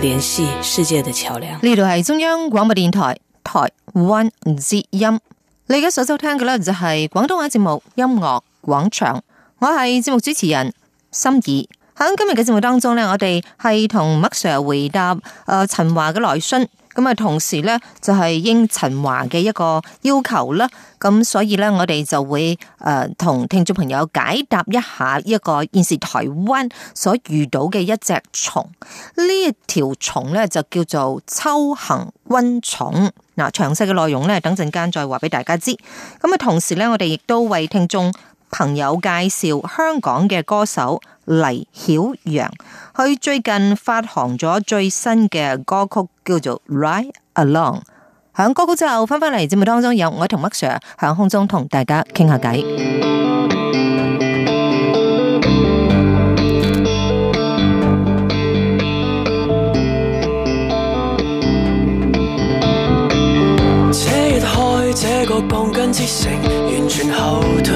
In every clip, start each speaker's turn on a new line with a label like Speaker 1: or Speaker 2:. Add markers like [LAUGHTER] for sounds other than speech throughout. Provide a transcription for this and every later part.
Speaker 1: 聯繫世界的橋樑。呢度係中央廣播電台台灣之音，你而家所收聽嘅咧就係廣東話節目《音樂廣場》，我係節目主持人心儀。喺今日嘅節目當中咧，我哋係同麥 sir 回答誒、呃、陳華嘅來信。咁啊，同時咧就係應陳華嘅一個要求啦，咁所以咧我哋就會誒同聽眾朋友解答一下呢一個現時台灣所遇到嘅一隻蟲，呢一條蟲咧就叫做秋行軍蟲。嗱，詳細嘅內容咧等陣間再話俾大家知。咁啊，同時咧我哋亦都為聽眾。朋友介紹香港嘅歌手黎曉陽，佢最近發行咗最新嘅歌曲叫做《Ride Along》，響歌曲之後翻返嚟節目當中，有我同麥 Sir 喺空中同大家傾下偈。
Speaker 2: 這個鋼筋之城，完全後退。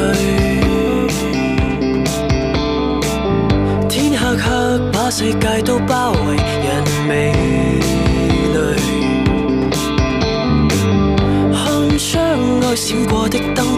Speaker 2: 天黑黑，把世界都包圍，人疲累。看窗外閃過的燈。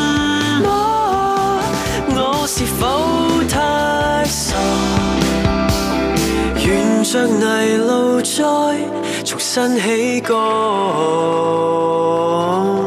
Speaker 2: 着泥路，再重新起歌。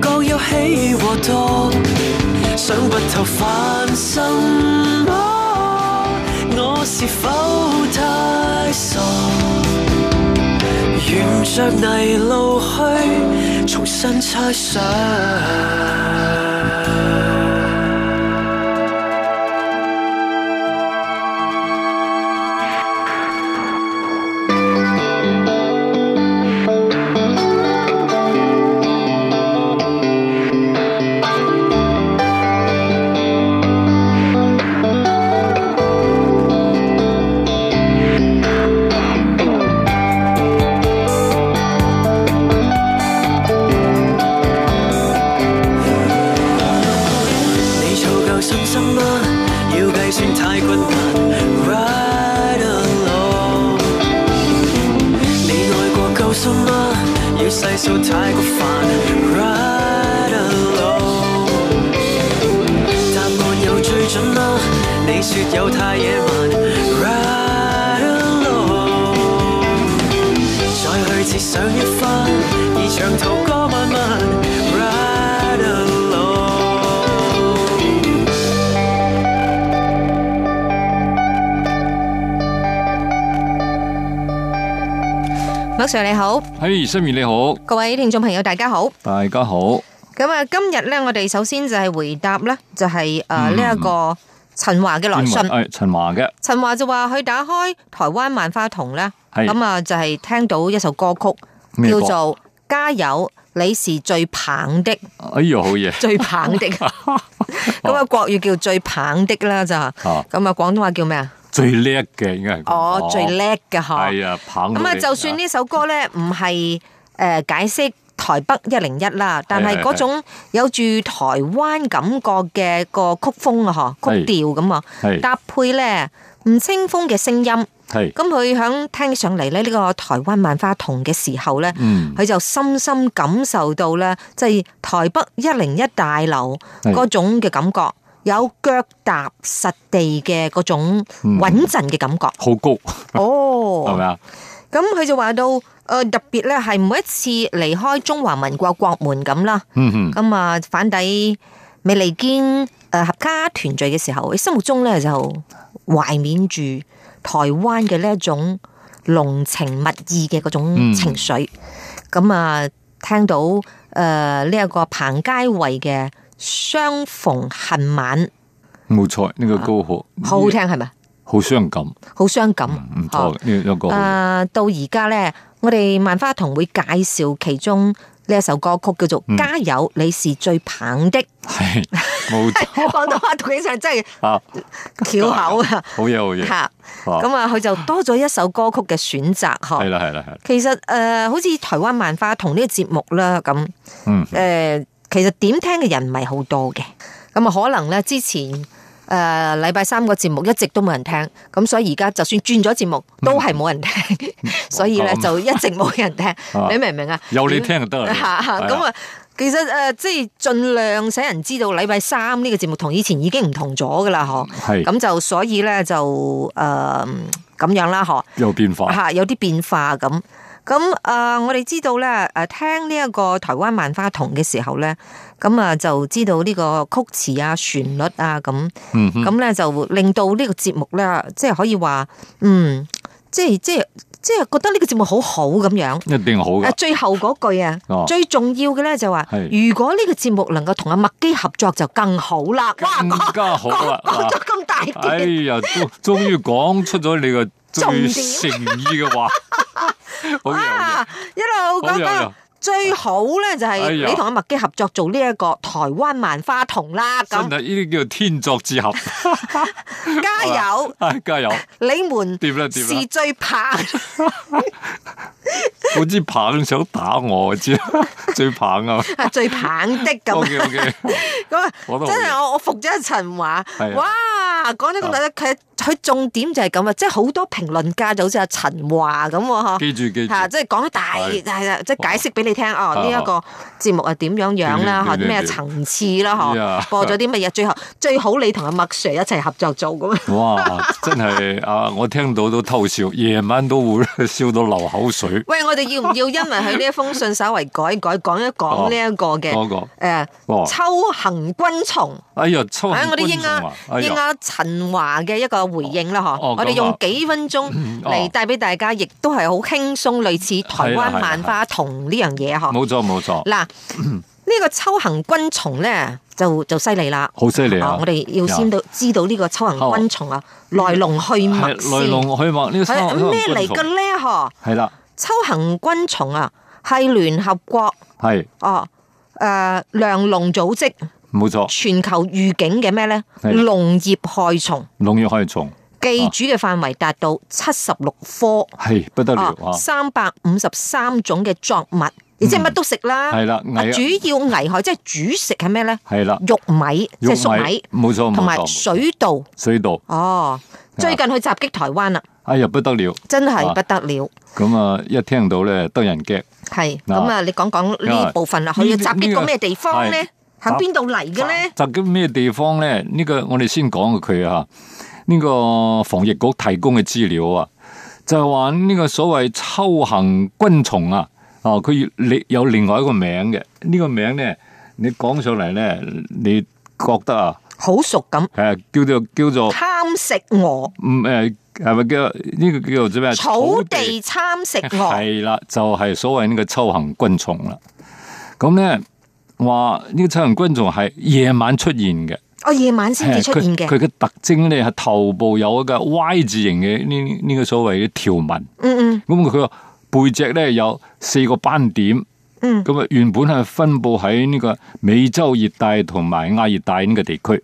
Speaker 2: 各有喜和痛，想不透煩什麼，我是否太傻？沿着泥路去，重新猜想。你說有太野蠻，再去設想一分，已長途高慢慢，
Speaker 1: 麥 Sir 你好，
Speaker 3: 係 Sammy 你好，
Speaker 1: 各位聽眾朋友大家好，
Speaker 3: 大家好，
Speaker 1: 咁啊，今日咧我哋首先就係回答咧，就係誒呢一個。陳華嘅來信，誒，
Speaker 3: 陳華嘅，
Speaker 1: 陳華就話佢打開台灣萬花筒咧，咁啊就係聽到一首歌曲，
Speaker 3: 叫做
Speaker 1: 《加油，你是最棒的》。
Speaker 3: 哎喲，好嘢，最棒
Speaker 1: 的，咁啊國語叫最棒的啦就，咁啊廣東話叫咩啊？
Speaker 3: 最叻嘅應該係，哦最叻嘅嗬，係啊棒。咁啊就算
Speaker 1: 呢首歌咧唔係誒解釋。台北一零一啦，但係嗰種有住台灣感覺嘅個曲風啊，是是是是曲調咁啊，是是是搭配咧吳青峯嘅聲音，咁佢響聽上嚟咧呢個台灣萬花筒嘅時候咧，佢、嗯、就深深感受到咧，就係台北一零一大樓嗰種嘅感覺，是是有腳踏實地嘅嗰種穩陣嘅感覺，好高、嗯、哦是是，係咪啊？咁佢就話到，誒、呃、特別咧係每一次離開中華民國國門咁啦，咁啊、嗯、哼返抵美利堅誒合家團聚嘅時候，佢心目中咧就懷緬住台灣嘅呢一種濃情蜜意嘅嗰種情緒。咁啊、嗯、聽到誒呢一個彭佳慧嘅《相逢恨晚》
Speaker 3: 錯，冇、那、錯、個，呢個歌好好聽係咪？嗯好傷感，
Speaker 1: 好傷感，唔
Speaker 3: 錯嘅呢一首歌。
Speaker 1: 誒，到而家咧，我哋萬花筒會介紹其中呢一首歌曲，叫做《加油》，你是最棒的。係冇錯，講到阿杜先生真
Speaker 3: 係
Speaker 1: 巧口啊！好嘢，好嘢。吓，咁啊，佢就多咗一首歌曲嘅選擇。吓，係啦，係啦，
Speaker 3: 係啦。
Speaker 1: 其實誒，好似台灣萬花筒呢個節目啦，咁，嗯，誒，其實點聽嘅人唔係好多嘅。咁啊，可能咧之前。誒，禮拜、呃、三個節目一直都冇人聽，咁所以而家就算轉咗節目，都係冇人聽，嗯嗯、所以咧這樣 就一直冇人聽，啊、你明唔明啊？有你聽就得啦。咁啊，其實誒、呃，即係盡量使人知道禮拜三呢個節目同以前已經唔同咗噶啦，嗬是的、嗯。係。咁就所以咧就誒咁、呃、樣啦，嗬、啊。有
Speaker 3: 變，有變化。吓、
Speaker 1: 啊，有啲變化咁。咁、呃、我哋知道咧，誒，聽呢一個台灣萬花筒嘅時候咧，咁啊，就知道呢個曲詞啊、旋律啊，咁，咁咧、嗯、哼就令到這個節呢個節目咧，即係可以話，嗯，即係即係即係覺得呢個節目好好咁樣，
Speaker 3: 一定好嘅。最
Speaker 1: 後嗰句啊，哦、最重要嘅咧就話、是，是如果呢個節目能夠同阿麥基合作就更好啦，更
Speaker 3: 加好啊，咁
Speaker 1: 大。哎
Speaker 3: 呀，終於講出咗你個最誠意嘅話。重點 [LAUGHS]
Speaker 1: 啊！一路講講最好咧，就係你同阿麥基合作做呢一個台灣萬花筒啦。咁，呢
Speaker 3: 啲叫做天作之合。
Speaker 1: 加油！加油！你們跌啦跌啦，是最棒。
Speaker 3: 我知棒想打我，知最棒啊！
Speaker 1: 最棒的咁。O K O K 咁啊，真係我我服咗一陳話。哇！講呢個第一劇。佢重點就係咁啊！即係好多評論家，就好似阿陳華咁喎，記住記住嚇，即係講大係啦，即係解釋俾你聽哦。呢一個節目係點樣樣啦？嚇，咩層次啦？嚇，播咗啲乜嘢？最後最好你同阿麥 Sir 一齊合作做咁。
Speaker 3: 哇！真係啊，我聽到都偷笑，夜晚都會笑到流口水。
Speaker 1: 喂，我哋要唔要因為佢呢一封信稍微改改，講一講呢一個嘅？我講秋行軍蟲。
Speaker 3: 哎呀，秋行軍蟲我哋應啊，應啊，
Speaker 1: 陳華嘅一個，回應啦，嗬！我哋用幾分鐘嚟帶俾大家，亦都係好輕鬆，類似台灣萬花筒呢樣嘢，嗬！冇
Speaker 3: 錯，冇錯。嗱，
Speaker 1: 呢個秋行軍蟲咧就就犀利啦，好犀利啊！我哋要先到知道呢個秋行軍蟲啊來龍去脈，來龍去脈呢個咩嚟嘅咧？嗬，係啦，秋行軍蟲啊，係聯合國，係哦，誒，糧農組織。冇錯，全球預警嘅咩咧？農業害蟲，
Speaker 3: 農業害蟲，
Speaker 1: 寄主嘅範圍達到七十六科，係不得了，三百五十三種嘅作物，即係乜都食啦。係啦，主要危害即係主食係咩咧？係啦，玉米即係粟米，
Speaker 3: 冇錯，同埋水稻，水稻
Speaker 1: 哦，最近去襲擊台灣啦。
Speaker 3: 哎呀，不得了，真係不得了。咁啊，一聽到咧，得人驚。
Speaker 1: 係，咁啊，你講講呢部分啦，佢要襲擊個咩地方咧？喺邊度嚟嘅咧？
Speaker 3: 就叫咩地方咧？呢、這個我哋先講過佢吓，呢、這個防疫局提供嘅資料啊，就係話呢個所謂秋行軍蟲啊，哦、啊，佢另有另外一個名嘅，呢、這個名咧，你講上嚟咧，你覺得啊，好熟咁？係叫做叫做
Speaker 1: 貪食蛾，唔
Speaker 3: 誒、嗯，係咪叫呢、這個叫做咩？草
Speaker 1: 地貪食蛾，係
Speaker 3: 啦，就係、是、所謂呢個秋行軍蟲啦、啊。咁、嗯、咧。嗯話呢、這個秋行軍蟲仲係夜晚出現嘅，
Speaker 1: 哦，夜晚先至出現嘅。佢
Speaker 3: 嘅特徵咧係頭部有一個 Y 字形嘅呢呢個所謂嘅條紋。嗯嗯，咁佢個背脊咧有四個斑點。嗯，咁啊原本係分布喺呢個美洲熱帶同埋亞熱帶呢個地區。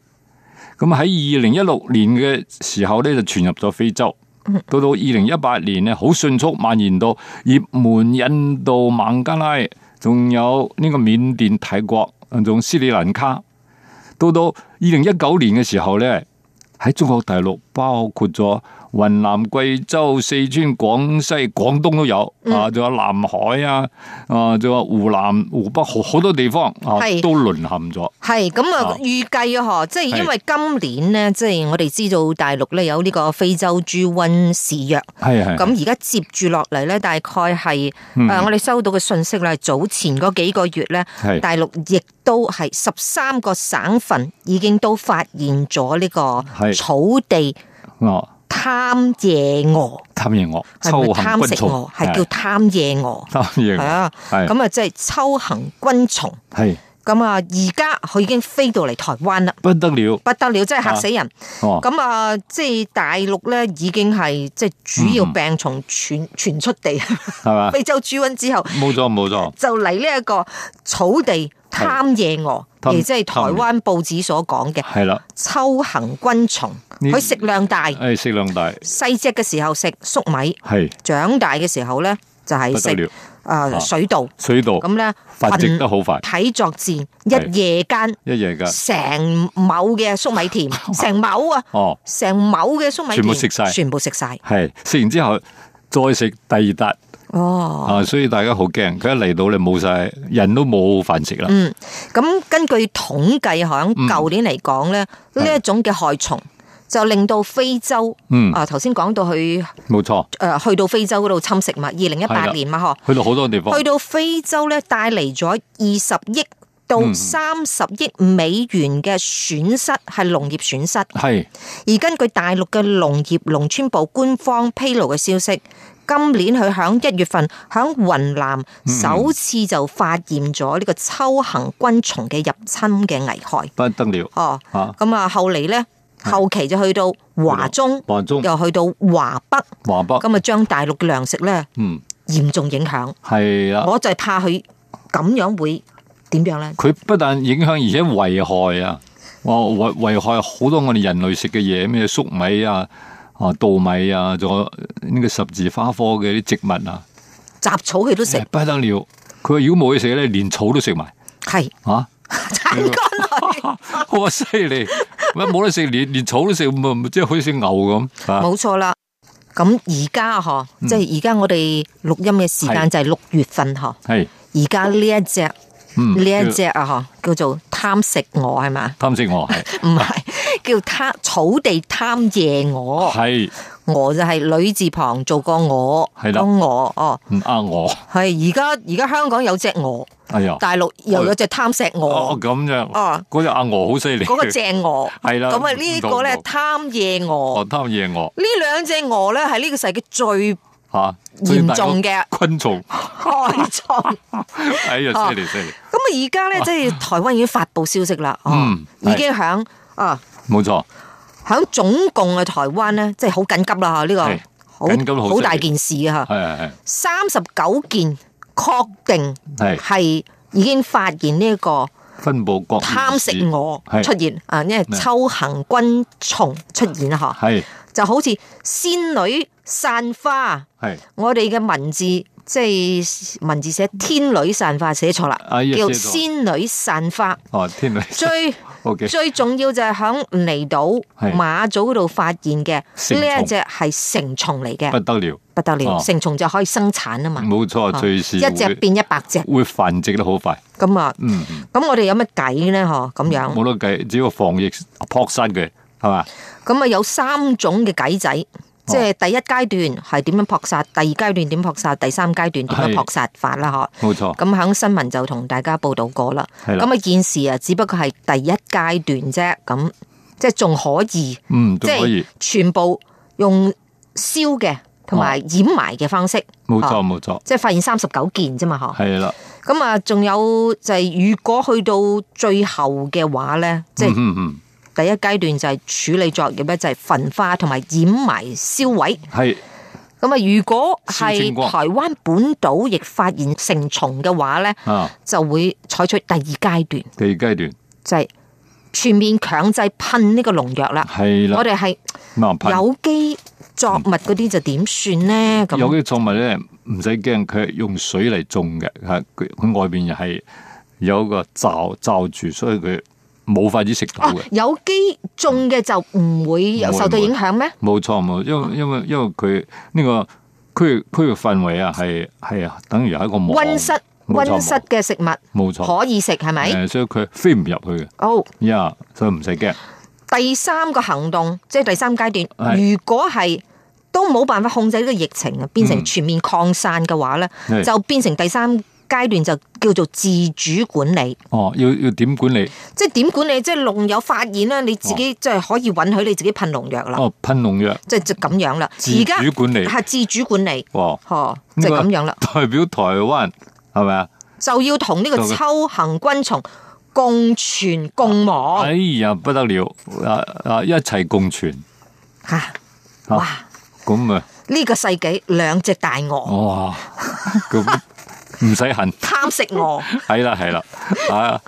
Speaker 3: 咁喺二零一六年嘅時候咧就傳入咗非洲。嗯、到到二零一八年咧好迅速蔓延到葉門、印度、孟加拉。仲有呢個緬甸、泰國，仲斯里蘭卡，到到二零一九年嘅時候咧，喺中國大陸包括咗，雲南、貴州、四川、廣西、廣東都有啊，仲、嗯、有南海啊，啊，仲有湖南、湖北，好好多地方啊，是都淪陷咗。
Speaker 1: 係咁啊，預計啊，嗬，即係因為今年咧，即係是我哋知道大陸咧有呢個非洲豬瘟肆虐，係咁而家接住落嚟咧，大概係誒，我哋收到嘅信息咧，嗯、早前嗰幾個月咧，是大陸亦都係十三個省份已經都發現咗呢個草地哦。貪夜蛾，
Speaker 3: 貪夜蛾，係貪食鵝，係叫
Speaker 1: 貪夜蛾，係啊，咁啊即係秋行軍蟲，係咁啊，而家佢已經飛到嚟台灣啦，不得了，不得了，真係嚇死人！咁啊，即係大陸咧，已經係即係主要病蟲傳傳出地，係嘛？非洲豬瘟之後，冇錯冇錯，就嚟呢一個草地。貪夜蛾，亦即係台灣報紙所講嘅，係啦，秋行軍蟲，佢食量大，係食量大，細隻嘅時候食粟米，係長大嘅時候咧就係食，誒水稻，
Speaker 3: 水稻，咁咧繁殖得好快，
Speaker 1: 體作戰，一夜間，一夜間，成畝嘅粟米田，成畝啊，哦，成畝嘅粟米田全部食晒，全部食晒，
Speaker 3: 係食完之後再食第二笪。哦，所以大家好驚，佢一嚟到你冇晒，人都冇飯食啦。嗯，
Speaker 1: 咁根據統計，響舊年嚟講咧，呢、嗯、一種嘅害蟲就令到非洲，嗯，啊，頭先講到去冇錯，誒錯、呃，去到非洲嗰度侵食物，二零一八年
Speaker 3: 嘛，嗬，去到好多地方，去
Speaker 1: 到非洲咧，帶嚟咗二十億到三十億美元嘅損失，係農、嗯、業損失。係的，而根據大陸嘅農業農村部官方披露嘅消息。今年佢喺一月份喺雲南首次就發現咗呢個秋行軍蟲嘅入侵嘅危害，
Speaker 3: 不得了。哦，
Speaker 1: 咁啊，後嚟呢，後期就去到華中，華中又去到華北，華北咁啊，將大陸嘅糧食呢
Speaker 3: 嗯，
Speaker 1: 嚴重影響。
Speaker 3: 係啊的，我
Speaker 1: 就係怕佢咁樣會點樣呢？
Speaker 3: 佢不但影響，而且危害啊！哇、哦，危危害好多我哋人類食嘅嘢，咩粟米啊。哦，稻米啊，仲有呢個十字花科嘅啲植物啊，
Speaker 1: 雜草佢都食，
Speaker 3: 不得了。佢如果冇嘢食咧，連草都食埋。
Speaker 1: 係啊，慘乾，
Speaker 3: 哇犀利，乜冇得食，連連草都食，即係好似牛咁。冇
Speaker 1: 錯啦。咁而家嗬，即係而家我哋錄音嘅時間就係六月份嗬。係。而家呢一隻，呢一隻啊嗬，叫做貪食鵝係嘛？
Speaker 3: 貪食鵝係。唔
Speaker 1: 係。叫貪草地貪夜鵝，係，鵝就係女字旁做個鵝，鵝哦，唔鴨鵝，係而家而家香港有隻鵝，係啊，大陸又有隻貪石鵝，
Speaker 3: 咁樣，哦，嗰隻鴨鵝好犀利，嗰個正
Speaker 1: 鵝，係啦，咁啊呢個咧貪夜鵝，哦
Speaker 3: 貪夜鵝，
Speaker 1: 呢兩隻鵝咧係呢個世紀最吓嚴重嘅昆蟲害蟲，哎呀犀利犀利，咁啊而家咧即係台灣已經發布消息啦，
Speaker 3: 嗯，已經
Speaker 1: 響啊。冇錯，喺總共嘅台灣咧，即係好緊急啦吓，呢個好大件事啊吓，三十九件確定係已經發現呢，這個分佈貪食蛾出現啊，因為秋行軍蟲出現啊吓，係的就好似仙女散花，係的我哋嘅文字即係文字寫天女散花寫錯啦，啊，叫仙女散花哦，啊，天女散最。Okay, 最重要就係喺尼島馬祖嗰度發現嘅呢一隻係成蟲嚟嘅，成蟲，
Speaker 3: 不得了，不得了，成
Speaker 1: 蟲就可以生產啊嘛，冇錯，隨時、啊、一隻變一百隻，
Speaker 3: 會繁殖得好快。咁、嗯、啊，
Speaker 1: 咁我哋有乜計咧？嗬、啊，咁樣
Speaker 3: 冇得計，只要防疫撲殺佢，係嘛？
Speaker 1: 咁啊，有三種嘅計仔。即係第一階段係點樣撲殺，第二階段點撲殺，第三階段點樣撲，是撲殺法啦，嗬。冇錯。咁喺新聞就同大家報道過啦。咁啊的件事啊，只不過係第一階段啫，咁即係仲可以。
Speaker 3: 即仲、嗯、可以。
Speaker 1: 全部用燒嘅同埋掩埋嘅方式。冇、哦、錯，冇錯、啊。即係發現三十九件啫嘛，嗬的。係啦。咁啊，仲有就係如果去到最後嘅話咧，即係、嗯。第一階段就係處理作業咧，就係、是、焚化同埋掩埋燒毀。係咁啊！如果係台灣本島亦發現成蟲嘅話咧，啊、就會採取第二階段。第二階段就係全面強制噴呢個農藥啦。係
Speaker 3: 啦的，我哋係、嗯。有
Speaker 1: 機作物嗰啲就點算咧？咁有機
Speaker 3: 作物咧唔使驚，佢係用水嚟種嘅，係佢外邊又係有一個罩罩住，所以佢。冇筷子食到嘅，
Speaker 1: 有機種嘅就唔會受到影響咩？
Speaker 3: 冇錯冇，因為因為因為佢呢個區區域範圍啊，係係啊，等於係一個温室
Speaker 1: 温室嘅食物，
Speaker 3: 冇錯可以
Speaker 1: 食係咪？
Speaker 3: 所以佢飛唔入去嘅。哦，呀，所以唔使驚。
Speaker 1: 第三個行動即係第三階段，如果係都冇辦法控制呢個疫情啊，變成全面擴散嘅話咧，就變成第三。階段就叫做自主管理
Speaker 3: 哦，要要點管，管理？
Speaker 1: 即係點管理？即係農友發現啦，你自己即係可以允許你自己噴農藥啦。哦，
Speaker 3: 噴農藥，
Speaker 1: 即係就咁樣啦。而家自主管理係自主管理。哦，哦、嗯，就咁樣啦。
Speaker 3: 代表台灣係咪啊？
Speaker 1: 就要同呢個秋行軍蟲共存共亡。
Speaker 3: 哎呀，不得了！啊啊，一齊共存吓哇！咁啊，
Speaker 1: 呢、啊、個世紀兩隻大鵝哇
Speaker 3: 咁。哦 [LAUGHS] 唔使恨，
Speaker 1: 貪食蛾，
Speaker 3: 係啦係啦，啊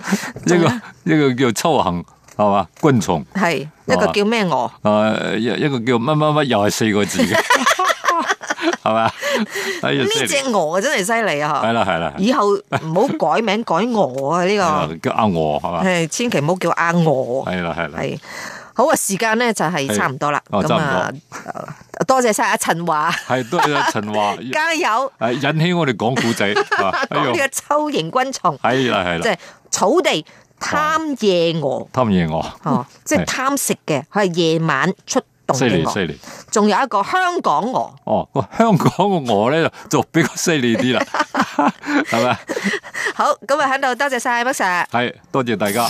Speaker 3: 一個一個叫秋行係嘛，軍蟲
Speaker 1: 係一個叫咩蛾？
Speaker 3: 誒，一個叫乜乜乜，又係四個字嘅係嘛？呢隻
Speaker 1: 蛾真係犀利啊！係啦係啦，以後唔好改名改蛾，啊！呢個
Speaker 3: 叫阿娥係嘛？係
Speaker 1: 千祈唔好叫阿娥。係啦係啦係。好啊，時間咧就係差唔多啦，
Speaker 3: 咁
Speaker 1: 啊，多謝晒阿陳華，係
Speaker 3: 多謝阿陳華，加油，係引起我哋講古仔，講呢個
Speaker 1: 秋行軍蟲，係啦係啦，即係草地貪夜蛾，貪夜蛾，哦，即係貪食嘅，佢係夜晚出動嘅，犀利犀利，仲有一個香港鵝，
Speaker 3: 哦，香港個鵝咧就比較犀利啲啦，係咪？
Speaker 1: 好，咁喺度多謝晒，麥 Sir。
Speaker 3: 係多謝大家。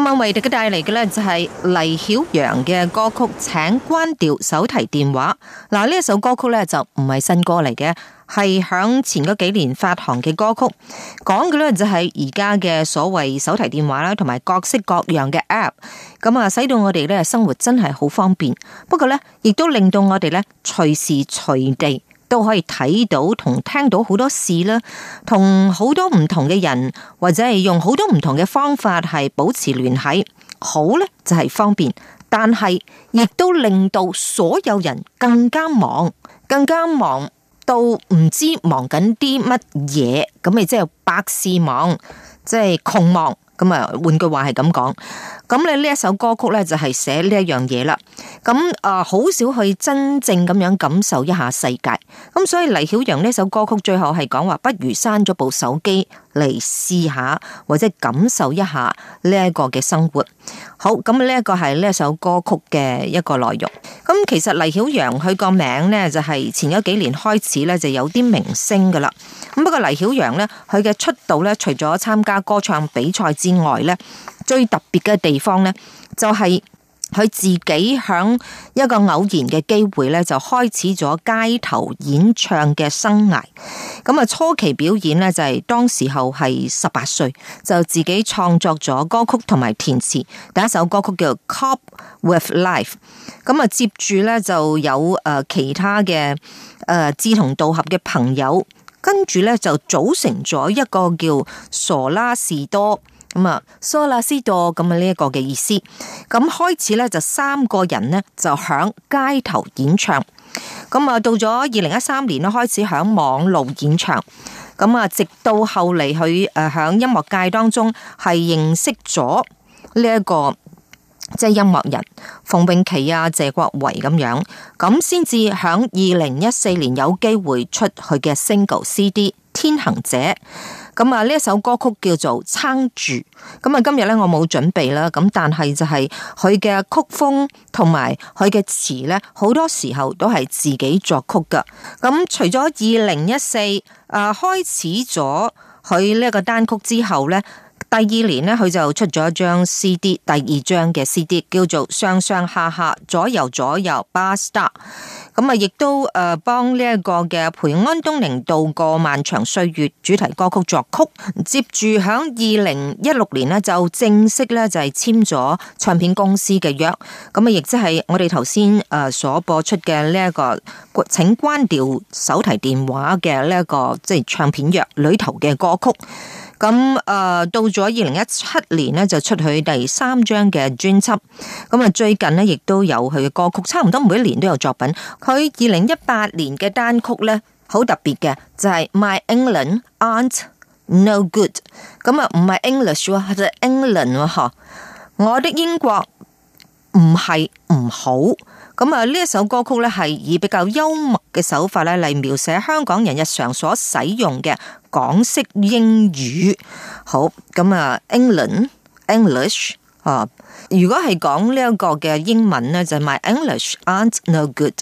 Speaker 1: 今晚為大家帶嚟嘅呢就係黎曉陽嘅歌曲，請關掉手提電話。嗱，呢一首歌曲呢就唔係新歌嚟嘅，係響前嗰幾年發行嘅歌曲。講嘅呢就係而家嘅所謂手提電話啦，同埋各式各樣嘅 App，咁啊，使到我哋呢生活真係好方便。不過呢，亦都令到我哋呢隨時隨地。都可以睇到同聽到好多事啦，同好多唔同嘅人或者係用好多唔同嘅方法係保持聯繫，好呢就係方便，但係亦都令到所有人更加忙，更加忙到唔知忙緊啲乜嘢，咁咪即係百事忙，即係窮忙。咁啊，換句話係咁講。咁你呢一首歌曲咧就係寫呢一樣嘢啦。咁啊，好少去真正咁樣感受一下世界。咁所以黎曉陽呢首歌曲最後係講話，不如刪咗部手機嚟試下，或者感受一下呢一個嘅生活。好，咁呢一個係呢一首歌曲嘅一個內容。咁其實黎曉陽佢個名咧就係、是、前嗰幾年開始咧就有啲明星噶啦。咁不過黎曉陽咧佢嘅出道咧除咗參加歌唱比賽之外咧。最特別嘅地方呢，就係佢自己響一個偶然嘅機會呢，就開始咗街頭演唱嘅生涯。咁啊，初期表演呢，就係當時候係十八歲，就自己創作咗歌曲同埋填詞。第一首歌曲叫做《Cop with Life》。咁啊，接住呢就有誒其他嘅誒志同道合嘅朋友，跟住呢就組成咗一個叫傻拉士多。咁啊，蘇拉斯多咁啊呢一個嘅意思，咁開始咧就三個人呢就響街頭演唱，咁啊到咗二零一三年咧開始響網絡演唱，咁啊直到後嚟佢誒響音樂界當中係認識咗呢一個即係、就是、音樂人馮永琪啊、謝國維咁樣，咁先至響二零一四年有機會出佢嘅 single CD《天行者》。咁啊，呢一首歌曲叫做撐住。咁啊，今日咧我冇準備啦。咁但係就係佢嘅曲風同埋佢嘅詞咧，好多時候都係自己作曲噶。咁除咗二零一四啊開始咗佢呢一個單曲之後咧。第二年咧，佢就出咗一張 CD，第二張嘅 CD 叫做上上下下、左右左右，巴 star。咁啊，亦都誒幫呢一個嘅陪安東尼度過漫長歲月主題歌曲作曲。接住響二零一六年咧，就正式咧就係簽咗唱片公司嘅約。咁啊，亦即係我哋頭先誒所播出嘅呢一個，請關掉手提電話嘅呢一個即係唱片約裏頭嘅歌曲。咁誒，到咗二零一七年呢，就出佢第三張嘅專輯。咁啊，最近呢，亦都有佢嘅歌曲，差唔多每一年都有作品。佢二零一八年嘅單曲呢，就是，好特別嘅，就係 My England Aren't No Good。咁啊，唔係 English 喎，係 England 喎，吓，我的英國唔係唔好。咁啊，呢一首歌曲咧係以比較幽默嘅手法咧嚟描寫香港人日常所使用嘅港式英語。好，咁啊 e n g l a n d e n g l i s h 啊，如果係講呢一個嘅英文咧，就係、是、My English aren't no good。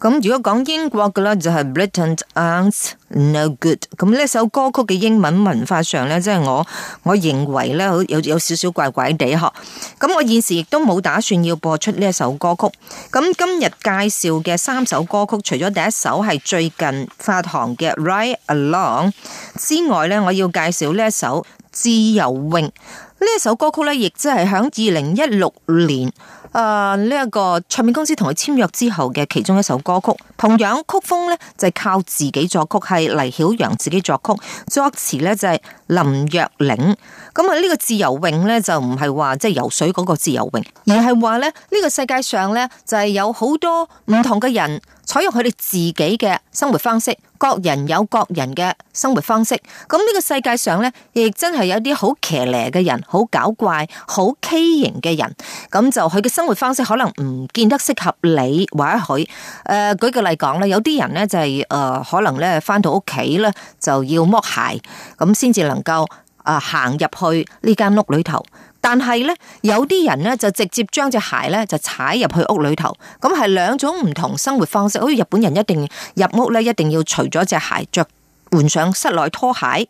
Speaker 1: 咁如果講英國嘅咧，就是，就係 Britain ain't no good。咁呢首歌曲嘅英文文法上咧，即係我我認為咧，有有少少怪怪地。嗬，咁我現時亦都冇打算要播出呢一首歌曲。咁今日介紹嘅三首歌曲，除咗第一首係最近發行嘅 Ride Along 之外咧，我要介紹呢一首自由泳。呢一首歌曲咧，亦即係響二零一六年。誒，呢一、uh, 這個唱片公司同佢簽約之後嘅其中一首歌曲，同樣曲風呢就係、是、靠自己作曲，係黎曉陽自己作曲，作詞呢就係、是、林若寧。咁啊，呢個自由泳呢，就唔係話即係游水嗰個自由泳，而係話呢，呢、這個世界上呢，就係、是、有好多唔同嘅人。採用佢哋自己嘅生活方式，各人有各人嘅生活方式。咁呢個世界上呢，亦真係有啲好騎呢嘅人，好搞怪，好畸形嘅人。咁就佢嘅生活方式可能唔見得適合你或者佢。誒、呃，舉個例講咧，有啲人呢，就係、是、誒、呃，可能呢翻到屋企呢，就要剝鞋，咁先至能夠啊行入去呢間屋裏頭。但係咧，有啲人咧就直接將隻鞋咧就踩入去屋裏頭，咁係兩種唔同生活方式。好似日本人一定入屋咧，一定要除咗隻鞋，着換上室內拖鞋。咁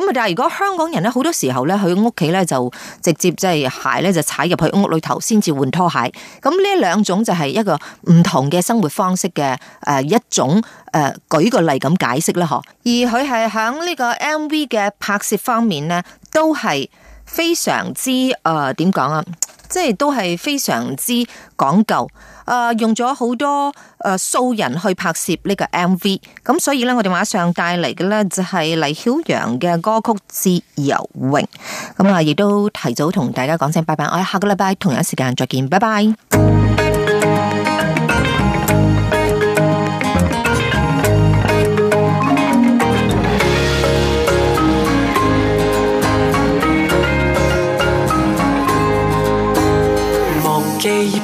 Speaker 1: 啊，但係如果香港人咧，好多時候咧，佢屋企咧就直接即係鞋咧就踩入去屋裏頭，先至換拖鞋。咁呢兩種就係一個唔同嘅生活方式嘅誒、呃、一種誒、呃，舉個例咁解釋啦，嗬。而佢係響呢個 MV 嘅拍攝方面咧，都係。非常之誒，點講啊？即係都係非常之講究，誒、呃，用咗好多誒素人去拍攝呢個 MV，咁所以咧，我哋馬上帶嚟嘅咧就係黎曉陽嘅歌曲《自由泳》，咁啊，亦都提早同大家講聲拜拜，我喺下個禮拜同一時間再見，拜拜。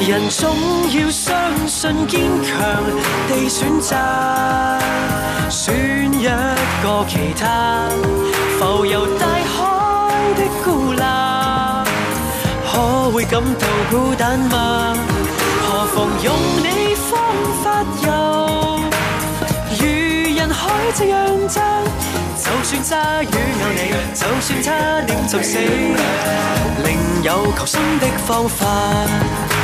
Speaker 2: 人總要相信堅強地選擇，選一個其他，浮游大海的孤島，可會感到孤單嗎？何妨用你方法游，如人海這樣真， [MUSIC] 就算鯊魚咬你，就算差點就死，另有求生的方法。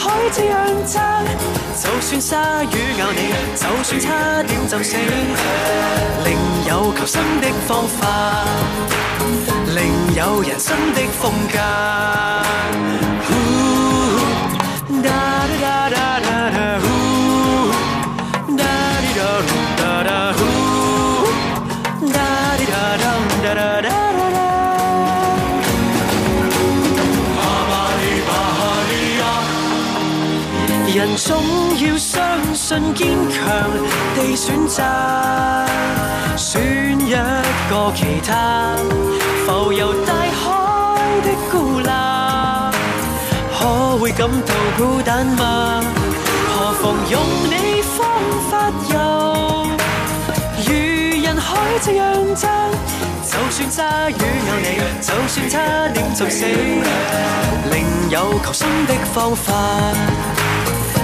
Speaker 2: 海這樣窄，就算鯊魚咬你，就算差點就死，另有求生的方法，另有人生的風格。 [MUSIC] [MUSIC] 人總要相信，堅強地選擇，選一個其他，浮游大海的孤狼，可會感到孤單嗎？何妨用你方法游，如人海這樣爭，就算鯊魚咬你，就算差點就死，另有求生的方法。